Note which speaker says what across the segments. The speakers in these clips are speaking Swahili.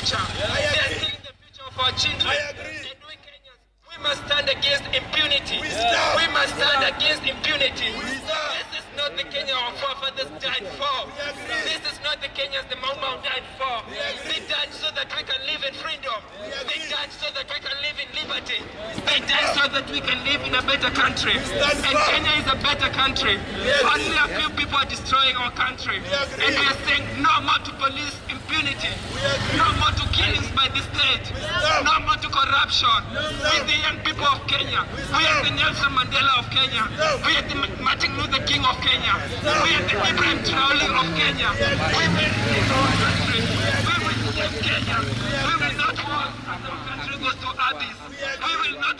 Speaker 1: future. They are killing the future of our children. I agree. And we Kenyans, we must stand against impunity. We, we must stand against impunity. We stand the Kenya our forefathers died for. This is not the Kenyans the Mau Mau died for. They died so that we can live in freedom. They died so that we can live in liberty. They died so that we can live in a better country. And Kenya is a better country. Only a few people are destroying our country. And we are saying no more to police impunity. No more to killings by the state. No more to corruption. We are the young people of Kenya. We are the Nelson Mandela of Kenya. We are the Martin Luther King of Kenya. Kenya. We are the Ibrahim Traore of Kenya. We will restore country. We will save Kenya. We will not watch as our country goes to Addis. We will not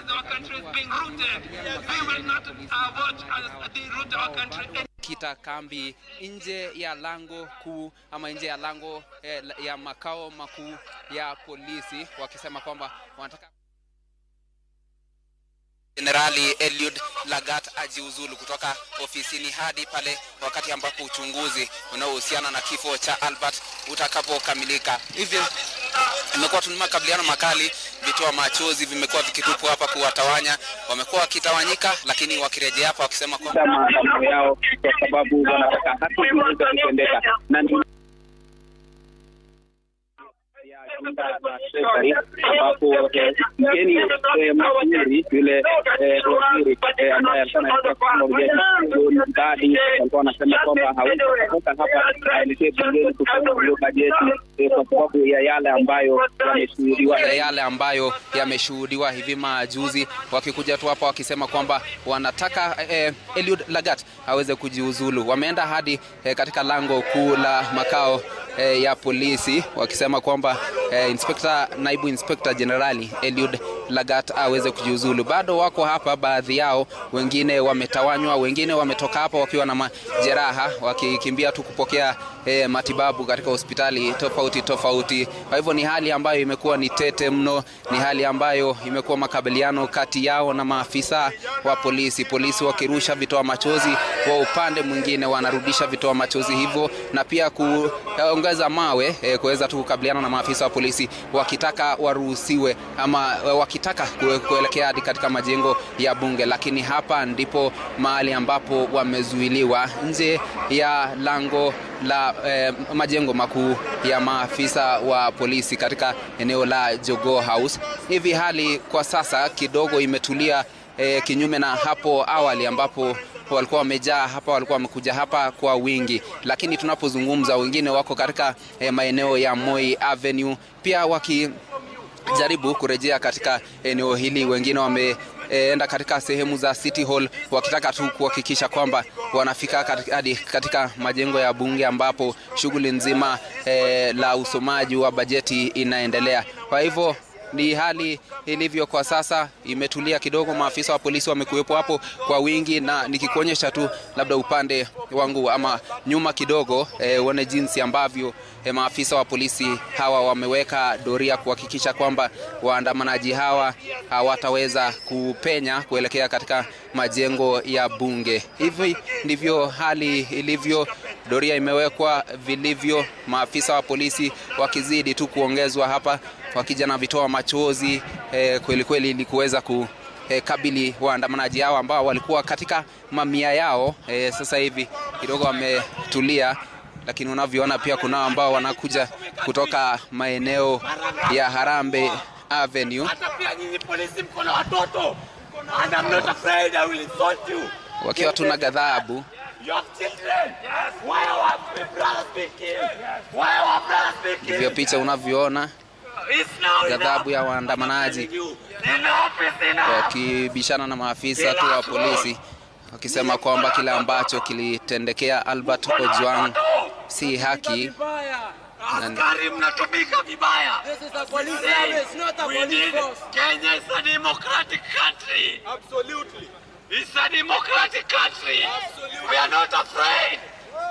Speaker 1: as our country is being rooted. We will not uh, as they root our country. kita kambi nje ya lango kuu ama nje ya lango eh, ya makao makuu ya polisi wakisema kwamba wanataka Jenerali Eliud Lagat ajiuzulu kutoka ofisini hadi pale wakati ambapo uchunguzi unaohusiana na kifo cha Albert utakapokamilika. Hivyo imekuwa tuna makabiliano makali, vitoa machozi vimekuwa vikitupwa hapa kuwatawanya. Wamekuwa wakitawanyika, lakini wakirejea hapa wakisema kwa maandamano yao, kwa sababu wanataka haki iweze
Speaker 2: na muda za ambapo mgeni yule waziri ambaye alikuwa alikuwa anasema kwamba hawezi kutoka hapa aelekee bungeni hiyo bajeti kwa sababu ya yale ambayo yameshuhudiwa yale ambayo yameshuhudiwa hivi majuzi, wakikuja tu hapa wakisema kwamba wanataka eh, Eliud Lagat aweze kujiuzulu. Wameenda hadi eh, katika lango kuu la makao eh, ya polisi wakisema kwamba eh, inspekta, naibu inspekta jenerali Eliud Lagat aweze kujiuzulu. Bado wako hapa baadhi yao, wengine wametawanywa, wengine wametoka hapa wakiwa na majeraha wakikimbia tu kupokea eh, matibabu katika hospitali tofauti tofauti. Kwa hivyo ni hali ambayo imekuwa ni tete mno, ni hali ambayo imekuwa makabiliano kati yao na maafisa wa polisi, polisi wakirusha vitoa machozi, wa upande mwingine wanarudisha vitoa machozi hivyo na pia ku eh, kutangaza mawe e, kuweza tu kukabiliana na maafisa wa polisi wakitaka waruhusiwe ama eh, wakitaka kuelekea hadi katika majengo ya bunge, lakini hapa ndipo mahali ambapo wamezuiliwa nje ya lango la e, majengo makuu ya maafisa wa polisi katika eneo la Jogoo House. Hivi hali kwa sasa kidogo imetulia e, kinyume na hapo awali ambapo hapa walikuwa wamejaa hapa, walikuwa wamekuja hapa kwa wingi, lakini tunapozungumza wengine wako katika eh, maeneo ya Moi Avenue pia wakijaribu kurejea katika eneo hili, wengine wame eh, enda katika sehemu za City Hall wakitaka tu kuhakikisha kwamba wanafika hadi katika, katika majengo ya bunge ambapo shughuli nzima eh, la usomaji wa bajeti inaendelea. Kwa hivyo ni hali ilivyo kwa sasa, imetulia kidogo. Maafisa wa polisi wamekuwepo hapo kwa wingi, na nikikuonyesha tu labda upande wangu ama nyuma kidogo, eh, uone jinsi ambavyo e, maafisa wa polisi hawa wameweka doria kuhakikisha kwamba waandamanaji hawa hawataweza kupenya kuelekea katika majengo ya bunge. Hivi ndivyo hali ilivyo. Doria imewekwa vilivyo, maafisa wa polisi wakizidi tu kuongezwa hapa, na vitoa machozi eh, kweli kweli ili kuweza ku E, kabili waandamanaji hao ambao walikuwa katika mamia yao. E, sasa hivi kidogo wametulia, lakini unavyoona pia kuna ambao wanakuja kutoka maeneo ya Harambe Avenue. Wakiwa tuna ghadhabu Hivyo picha unavyoona, ghadhabu ya waandamanaji wakibishana na maafisa tu wa polisi wakisema kwamba kile ambacho kilitendekea Albert Ojwang si haki. Askari mnatumika vibaya. Kenya is a democratic country. Absolutely. It's a democratic country. Absolutely. We are not afraid.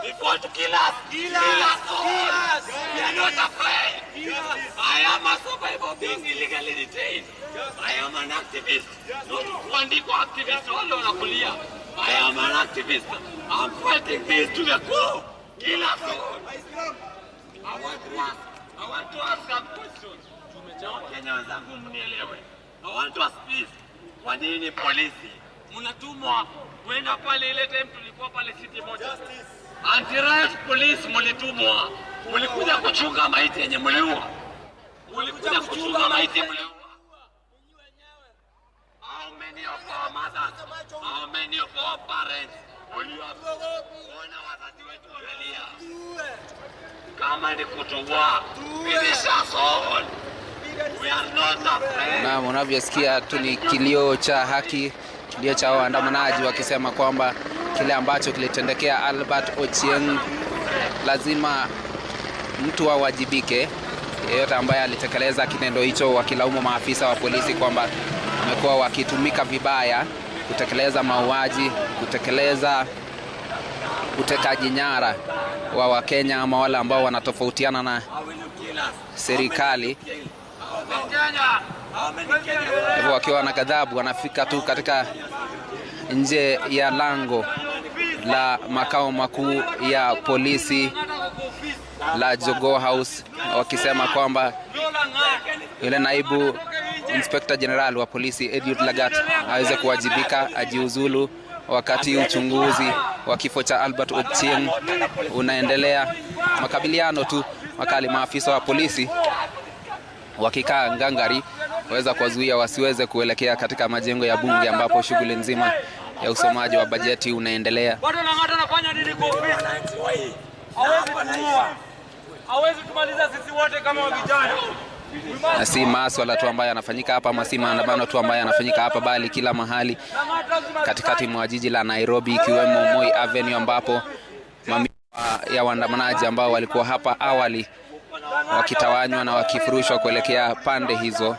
Speaker 2: If you want to kill us, kill, us, kill us, all. Kill us. We are not afraid. I am a survivor being illegally detained. I am an activist. Not one equal activist wale on I am an activist. I'm fighting this to the core. Kill us all. I want to ask, I want to ask some questions. Tumejaa Wakenya wenzangu I want to ask this. What is the policy? mnatumwa kwenda pale. Ile time tulikuwa pale city moja, anti riot police mlitumwa, mlikuja kuchunga maiti yenye mliua, mlikuja kuchunga maiti mliua. How many of our mothers, how many of our parents wazazi wetu Kama ni Naam, unavyosikia tu ni kilio cha haki kilio cha waandamanaji wakisema kwamba kile ambacho kilitendekea Albert Ochieng lazima mtu awajibike, wa yeyote ambaye alitekeleza kitendo hicho, wakilaumu maafisa wa polisi kwamba wamekuwa wakitumika vibaya kutekeleza mauaji, kutekeleza utekaji nyara wa Wakenya ama wale ambao wanatofautiana na serikali hivyo wakiwa na ghadhabu wanafika tu katika nje ya lango la makao makuu ya polisi la Jogo House wakisema kwamba yule naibu inspekta jenerali wa polisi Edward Lagat aweze kuwajibika, ajiuzulu, wakati uchunguzi wa kifo cha Albert Ochieng unaendelea. Makabiliano tu makali, maafisa wa polisi wakikaa ngangari kuweza kuwazuia wasiweze kuelekea katika majengo ya bunge ambapo shughuli nzima ya usomaji wa bajeti unaendelea. Na si maswala tu ambayo yanafanyika hapa ama si maandamano tu ambayo yanafanyika hapa, bali kila mahali katikati mwa jiji la Nairobi, ikiwemo Moi Avenue ambapo mamia ya waandamanaji ambao walikuwa hapa awali wakitawanywa na wakifurushwa kuelekea pande hizo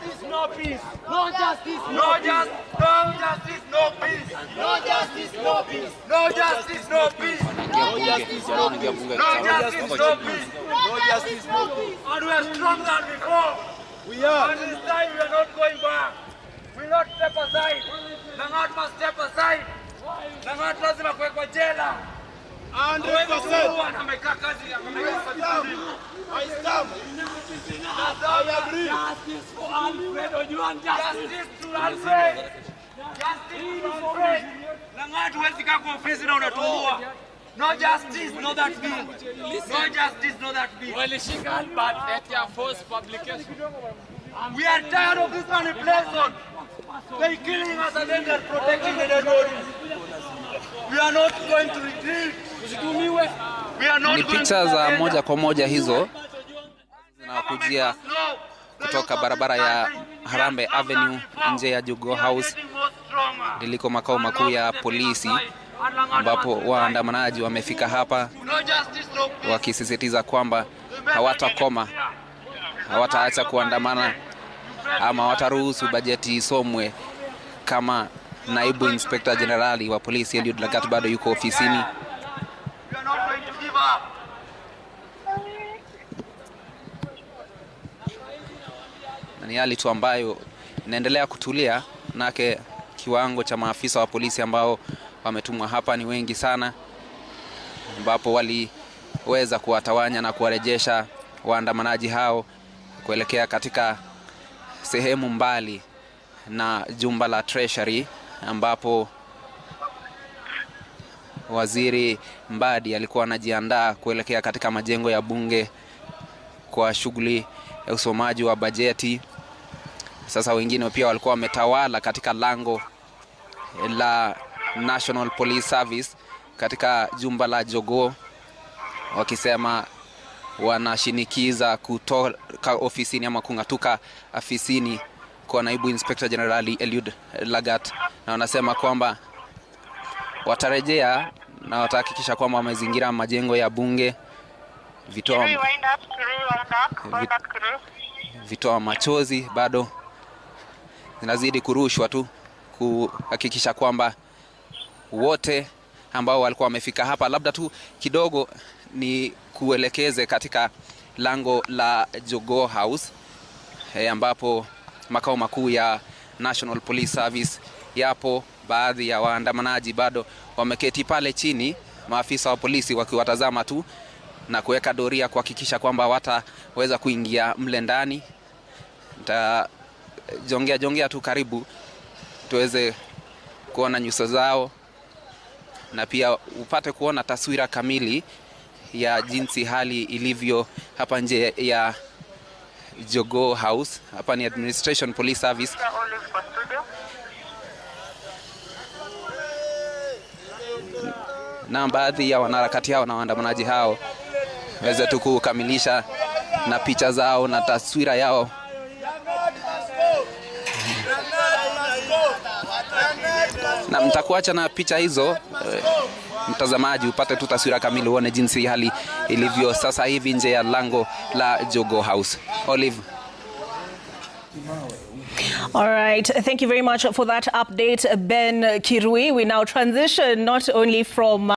Speaker 2: peace. No justice, no justice, no justice, no peace. No justice, no peace. No justice, no peace. No justice, no peace. No justice, no peace. And we are stronger than before. We are. And this time we are not going back. We will not step aside. Langat must step aside. Langat lazima kuwekwa jela. 100%. Amekaa kazi ya I stand. Justice Alfred Justice Alfred. Justice Alfred. No justice, no that No justice, no that publication. We are tired of this They killing us and then protecting the dead bodies. We are not going to retreat. We are not Ni picha za moja kwa moja hizo kujia kutoka barabara ya Harambe Avenue nje ya Jugo House liliko makao makuu ya polisi, ambapo waandamanaji wamefika hapa wakisisitiza kwamba hawatakoma, hawataacha kuandamana ama wataruhusu bajeti isomwe kama naibu inspekta jenerali wa polisi Eliud Lagat bado yuko ofisini. na ni hali tu ambayo inaendelea kutulia, manake kiwango cha maafisa wa polisi ambao wametumwa hapa ni wengi sana, ambapo waliweza kuwatawanya na kuwarejesha waandamanaji hao kuelekea katika sehemu mbali na jumba la Treasury ambapo Waziri Mbadi alikuwa anajiandaa kuelekea katika majengo ya bunge kwa shughuli ya usomaji wa bajeti. Sasa wengine pia walikuwa wametawala katika lango eh, la National Police Service katika jumba la Jogoo wakisema wanashinikiza kutoka ofisini ama kung'atuka afisini kwa naibu inspector jenerali Eliud Lagat, na wanasema kwamba watarejea na watahakikisha kwamba wamezingira majengo ya bunge, vitoa vitoa machozi bado zinazidi kurushwa tu kuhakikisha kwamba wote ambao walikuwa wamefika hapa, labda tu kidogo ni kuelekeze katika lango la Jogoo House e, ambapo makao makuu ya National Police Service yapo. Baadhi ya waandamanaji bado wameketi pale chini, maafisa wa polisi wakiwatazama tu na kuweka doria kuhakikisha kwamba wataweza kuingia mle ndani jongea jongea tu karibu tuweze kuona nyuso zao na pia upate kuona taswira kamili ya jinsi hali ilivyo hapa nje ya jogo House. Hapa ni Administration Police Service. Na baadhi ya wanaharakati hao na waandamanaji hao waweze tu kukamilisha na picha zao na taswira yao na mtakuacha na picha hizo eh, mtazamaji upate tu taswira kamili, uone jinsi hali ilivyo sasa hivi nje ya lango la jogo House. Olive.
Speaker 3: All right, thank you very much for that update, Ben Kirui. We now transition not only from